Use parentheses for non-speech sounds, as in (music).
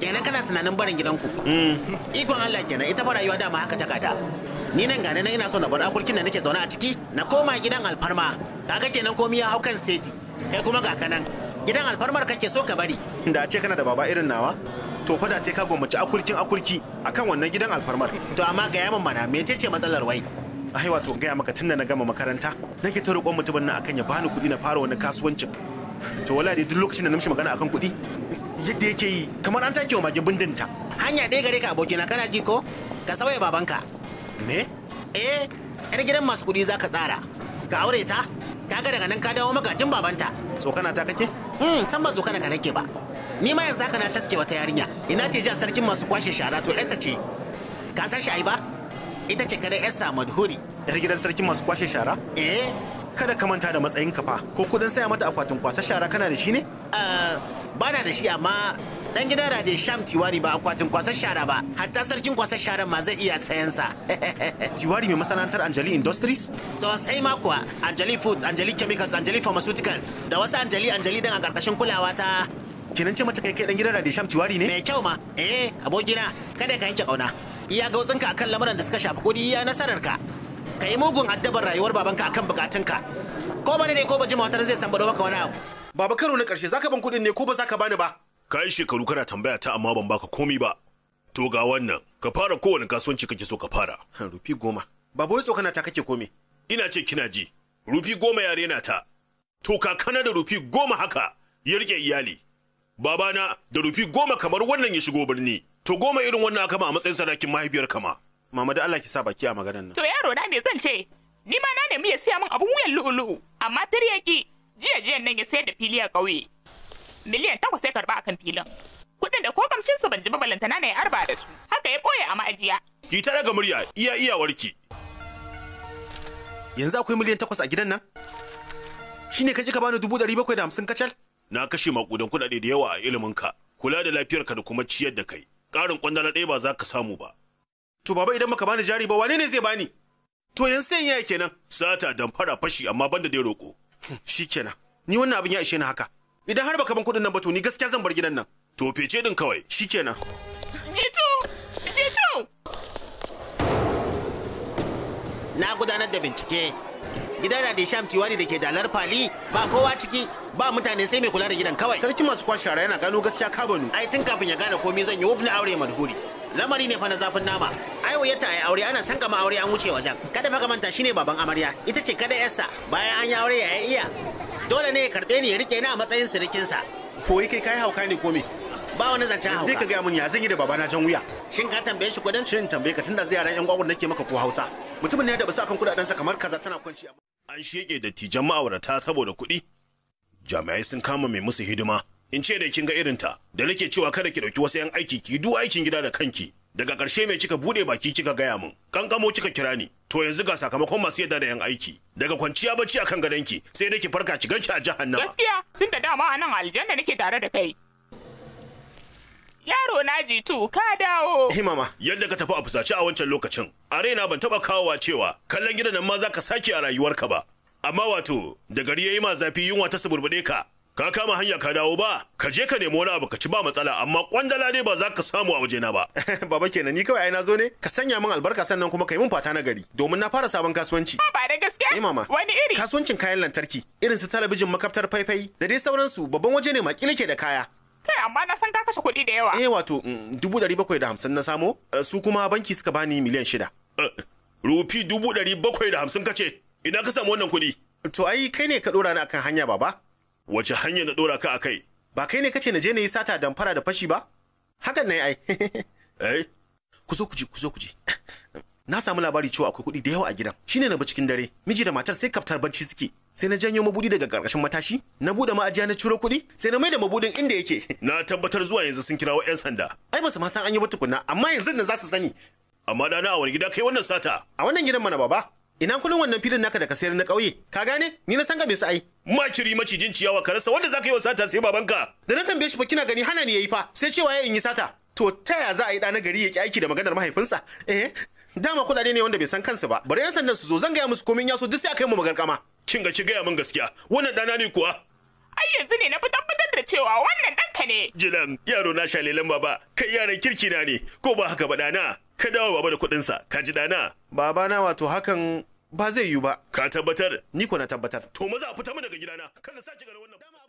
kenan kana tunanin barin gidanku mm. ikon Allah kenan ita ba rayuwa dama haka ta gada ni nan gane na ina so na bar akulkin da nake zaune a ciki na koma gidan alfarma kaga kenan komai ya hau kan seti kai kuma ga kanan gidan alfarmar kake so ka bari da ce kana da baba irin nawa to fada sai ka gwammaci akulkin akulki akan wannan gidan alfarmar to amma ga yaman mana mecece matsalar wai ai wato gaya maka tunda na gama makaranta nake ta roƙon mutumin nan akan ya bani kuɗi na fara wani kasuwancin to wala dai duk lokacin da na mishi magana akan kuɗi yadda yake yi kamar an take wa mage bindinta hanya ɗaya gare ka abokina kana ji ko ka sauya babanka me eh yar gidan masu kuɗi za ka tsara ka aure ta kaga daga nan ka dawo magajin babanta tsokana ta kake hmm san ba tsokana ka nake ba ni ma yanzu haka na shaske wata yarinya ina teja sarkin masu kwashe shara to yarsa ce ka san shi ba ita ce kada yarsa madhuri yar gidan sarkin masu kwashe shara eh kada ka manta da matsayin fa ko kudin saya mata akwatin kwasa shara kana da shi ne ah, ba na da shi amma dan gidan Rade Sham Tiwari ba akwatin kwasar shara ba hatta sarkin kwasar shara ma zai iya sayan sa (laughs) Tiwari mai masana'antar Anjali Industries sosai ma kuwa Anjali Foods Anjali Chemicals Anjali Pharmaceuticals da wasu Anjali Anjali dan a karkashin kulawa ta kinan ce mata kai kai dan gidan Rade Sham Tiwari ne mai kyau ma eh abokina kada ka yanke kauna iya gautsinka akan lamuran da suka shafi kudi iya nasarar ka yi mugun addabar rayuwar babanka akan bukatunka ko bane ne ko baji jima zai san bado maka wani abu Baba karo na ƙarshe zaka ban kuɗin ne ko ba zaka bani ba? Ka yi shekaru kana tambaya ta amma ban baka komi ba. To ga wannan, ka fara kowane kasuwanci kake so ka fara. Rufi goma. Baba wai tsokana ta kake komi. Ina ce kina ji. Rufi goma yare na ta. To kakana da rufi goma haka ya rike iyali. Babana da rufi goma kamar wannan ya shigo birni. To goma irin wannan kama a matsayin sadakin mahaifiyar kama. Mama da Allah ki sa baki a maganar nan. To yaro na me zan ce? Ni ma na nemi ya siya min abun wuyan lu'u-lu'u, amma fir jiya jiyan nan ya sayar da fili a ƙauye miliyan takwas ya karba akan filin kuɗin da ko kamcinsa ban ji balantana na ya arba da su haka ya ɓoye a ma'ajiya ki ta daga murya iya ki. yanzu akwai miliyan takwas a gidan nan shine ka ji ka bani dubu ɗari bakwai da hamsin kacal na kashe makudan kuɗaɗe da yawa a ilimin ka. kula da lafiyar ka da kuma ciyar da kai ƙarin kwandala ɗaya ba za ka samu ba to baba idan baka bani jari ba wane ne zai bani to yanzu yan yaya kenan sata damfara fashi amma banda dai roƙo shikenan ni wannan abin ya ishe ni haka idan har baka ban kudin nan ba to ni gaskiya zan bar gidan nan to fece din kawai shikenan jitu jitu na gudanar da bincike gidan Radin Sham da ke dalar Fali ba kowa ciki ba mutane sai mai kula da gidan kawai. Sarki masu shara yana gano gaskiya kabanu. Ai tun kafin ya gane komai zan yi wubna aure madhuri. Lamari ne fa na zafin nama. wuyarta a aure ana san kama aure an wuce wajen kada maka manta shine baban amarya ita ce kada yarsa bayan an yi aure ya iya dole ne ya karbe ni ya rike ni a matsayin sirikinsa ko kai kai hauka ne ko me ba wani zancen hauka zai ka gaya mun ya zan yi da babana jan wuya shin ka tambaye shi kudin shin tambaye ka tunda yaran yan gwagwar nake maka ko hausa mutumin ne da basu akan kudadensa kamar kaza tana kwanci an sheke dattijan ma'aurata saboda kuɗi jami'ai sun kama mai musu hidima in ce da kin ga irinta da nake cewa kada ki dauki wasu yan aiki ki duk aikin gida da kanki daga ƙarshe mai kika buɗe baki kika gaya min kankamo kika kira ni to yanzu ga sakamakon masu yadda da yan aiki daga kwanciya bacci akan gadonki sai nake farka ki ganki a jahannama gaskiya tun da dama a nan aljanna nake tare da kai yaro na tu ka dawo himama yadda ka tafi a fusace a wancan lokacin a raina ban taba wa cewa kallon gidan nan ma za ka sake a rayuwarka ba amma wato da gari yayi ma zafi yunwa ta suburbuɗe ka ka kama hanya ka dawo ba ka je ka nemo wani abu ka ci ba matsala amma kwandala ne ba za ka samu a wajena ba (laughs) baba kenan ni kawai ai na zo ne ka sanya min albarka sannan kuma ka yi min fata na gari domin na fara sabon kasuwanci ba da gaske eh mama wani iri kasuwancin kayan lantarki irin su talabijin makaftar faifai da dai sauransu babban waje ne makilike da kaya kai amma na san ka kashe kuɗi da yawa eh wato mm, dubu ɗari bakwai da hamsin na samo eh, su kuma banki suka bani miliyan shida eh, rufi dubu ɗari bakwai da hamsin ka ce? ina ka samu wannan kuɗi to ai kai ne ka ɗora ni akan hanya baba wace hanyar na dora ka a kai ba kai ne kace na je na yi sata damfara da fashi ba hakan ne ai (laughs) eh ku zo ku ji ku zo ku ji na samu labari cewa akwai kuɗi da yawa a gidan shine na bi cikin dare miji da matar sai kaftar bacci suke sai na janyo mabudi daga ƙarƙashin matashi na buɗe ma'ajiya na ciro kuɗi sai na maida mabudin inda yake (laughs) na tabbatar zuwa yanzu sun kirawo yan sanda ai ba su ma san an yi ba tukunna amma yanzu ne za su sani amma dana a wani gida kai wannan sata a wannan gidan mana baba ina kudin wannan filin naka da ka sayar na ƙauye ka gane ni na san ka bai ai makiri macijin ciyawa ka rasa wanda zaka yi wa sata sai babanka da na tambaye shi fa kina gani hana ni yayi fa sai cewa ya in yi sata to ta ya za a yi ɗana gari ya ki aiki da maganar mahaifinsa eh dama kuɗaɗe ne wanda bai san kansu ba bari yan sandan su zo zan gaya musu komin yaso duk sai a kai mu magarkama kin ga ki gaya min gaskiya wannan ɗana ne kuwa ai yanzu ne na fi tabbatar da cewa wannan ɗanka ne jilan yaro na shalilan baba kai yaran kirki na ne ko ba haka ba ɗana ka dawo baba da kuɗinsa ka ji ɗana babana wato hakan ba zai yiwu ba ka tabbatar ni ko na tabbatar to maza a fita mu daga gidana kada sa ki ga wannan